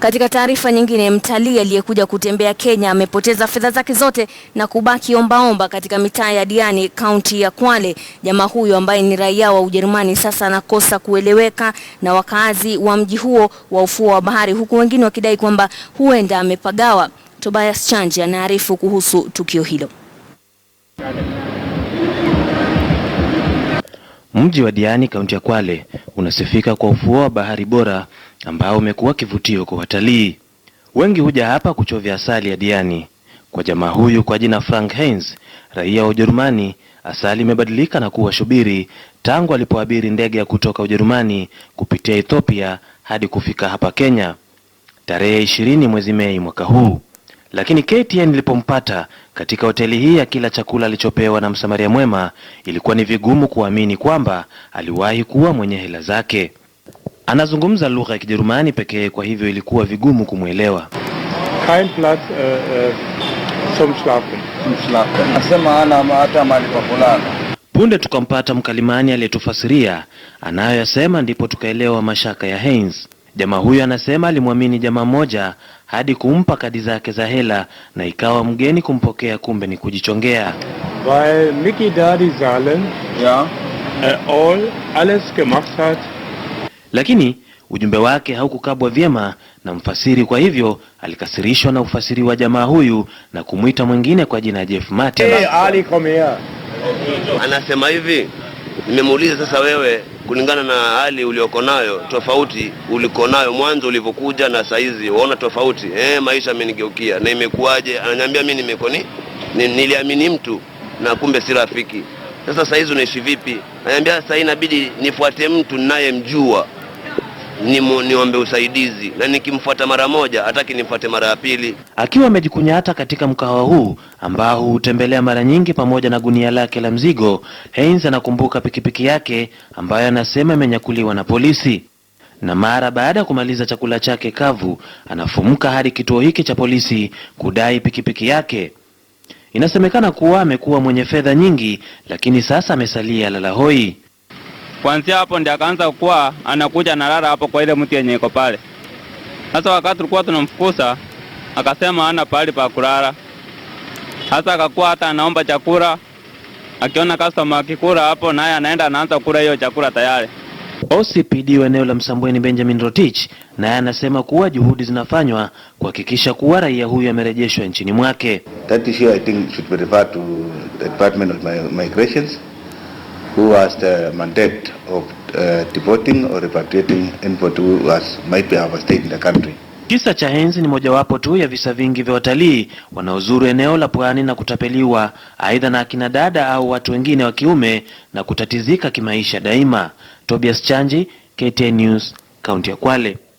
Katika taarifa nyingine, mtalii aliyekuja kutembea Kenya amepoteza fedha zake zote na kubaki ombaomba omba katika mitaa ya Diani, kaunti ya Kwale. Jamaa huyo ambaye ni raia wa Ujerumani sasa anakosa kueleweka na wakazi wa mji huo wa ufuo wa bahari, huku wengine wakidai kwamba huenda amepagawa. Tobias Chanje anaarifu kuhusu tukio hilo. Mji wa Diani, kaunti ya Kwale unasifika kwa ufuo wa bahari bora ambao umekuwa kivutio kwa watalii wengi. Huja hapa kuchovya asali ya Diani. Kwa jamaa huyu kwa jina Frank Heinz, raia wa Ujerumani, asali imebadilika na kuwa shubiri tangu alipoabiri ndege ya kutoka Ujerumani kupitia Ethiopia hadi kufika hapa Kenya tarehe ishirini mwezi Mei mwaka huu. Lakini KTN ilipompata katika hoteli hii ya kila chakula alichopewa na msamaria mwema, ilikuwa ni vigumu kuamini kwamba aliwahi kuwa mwenye hela zake. Anazungumza lugha ya Kijerumani pekee, kwa hivyo ilikuwa vigumu kumwelewa. Kein Platz äh, äh, zum Schlafen. Anasema hata pa kulala. Punde tukampata mkalimani aliyetufasiria anayoyasema, ndipo tukaelewa mashaka ya Heinz. Jamaa huyo anasema alimwamini jamaa mmoja hadi kumpa kadi zake za hela na ikawa mgeni kumpokea, kumbe ni kujichongea. Weil Mickey Daddy Zahlen, ja, äh, all alles gemacht hat lakini ujumbe wake haukukabwa vyema na mfasiri. Kwa hivyo alikasirishwa na ufasiri wa jamaa huyu na kumwita mwingine kwa jina Jeff Mate. Hey, Ali Komea anasema hivi, nimemuuliza sasa, wewe kulingana na hali ulioko nayo tofauti uliko nayo mwanzo ulivyokuja na saizi, waona tofauti eh, maisha amenigeukia na imekuwaje? Ananiambia mimi nimekuwa ni, niliamini mtu na kumbe si rafiki. Sasa saizi unaishi vipi? Ananiambia sasa inabidi nifuate mtu ninayemjua niombe usaidizi, na nikimfuata mara moja hataki nimfuate mara ya pili. Akiwa amejikunyata katika mkahawa huu ambao hutembelea mara nyingi pamoja na gunia lake la mzigo, Heinz anakumbuka pikipiki yake ambayo anasema imenyakuliwa na polisi na mara baada ya kumaliza chakula chake kavu anafumuka hadi kituo hiki cha polisi kudai pikipiki yake. Inasemekana kuwa amekuwa mwenye fedha nyingi, lakini sasa amesalia lalahoi. Kuanzia hapo ndio akaanza kuwa anakuja analala hapo kwa ile mti yenye iko pale. Sasa wakati tulikuwa tunamfukuza akasema hana pahali pa kulala. Sasa akakuwa hata anaomba chakula, akiona customer akikula hapo, naye anaenda anaanza kula hiyo chakula tayari. OCPD wa eneo la Msambweni Benjamin Rotich naye anasema kuwa juhudi zinafanywa kuhakikisha kuwa raia huyu amerejeshwa nchini mwake. That issue I think should be referred to the Department of Migrations who has the mandate of uh, deporting or repatriating anybody who has, might be have a stake in the country. Kisa cha henzi ni mojawapo tu ya visa vingi vya watalii wanaozuru eneo la pwani na kutapeliwa aidha na akina dada au watu wengine wa kiume na kutatizika kimaisha daima. Tobias Chanji, KTN News, kaunti ya Kwale.